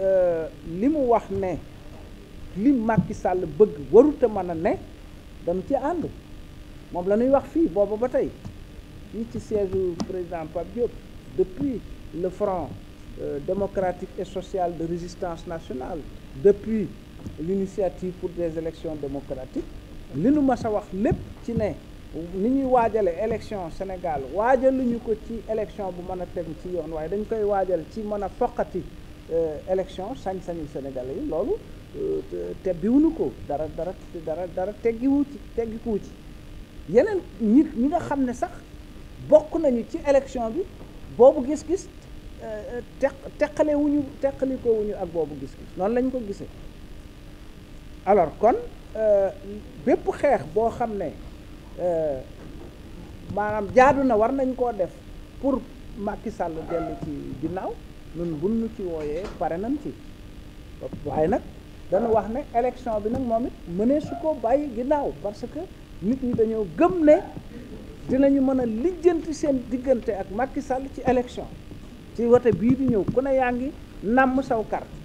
Euh, li mu wax ne li Macky sàll bëgg warut a mën a ne dañu ci ànd moom la ñuy wax fii booba ba tey fii ci siège président Pape Diop depuis le front euh, démocratique et sociale de résistance nationale depuis l'initiative pour des élections démocratiques li nu ma a wax lépp ci ne ni ñuy waajale élection Sénégal waajaluñu ko ci élection bu mën a tegu ci yoon waaye dañ koy waajal ci mën a foqati Euh, élection sañ-sañu sénégal yi loolu euh, te biwunu ko dara dara dara dara teggiwu ci teggikuwu ci yeneen ñi ñi nga xam ne sax bokk nañu ci élection bi boobu gis-gis euh, te teqale wuñu teqalikoo ak boobu gis-gis noonu lañ ko gisee alors kon bépp xeex boo xam ne maanaam jaadu na war nañ koo def pour Macky sàll dellu ci ginnaaw ñun bu ñu ci wooyee pare nañ ci waaye nag dana wax ne élection bi nag moom it mënee su ko bàyyi ginnaaw parce que nit ñi dañoo gëm ne dinañu mën a lijjanti seen diggante ak Macky Sall ci élection ci wote bii di ñëw ku ne yaa ngi nàmm saw carte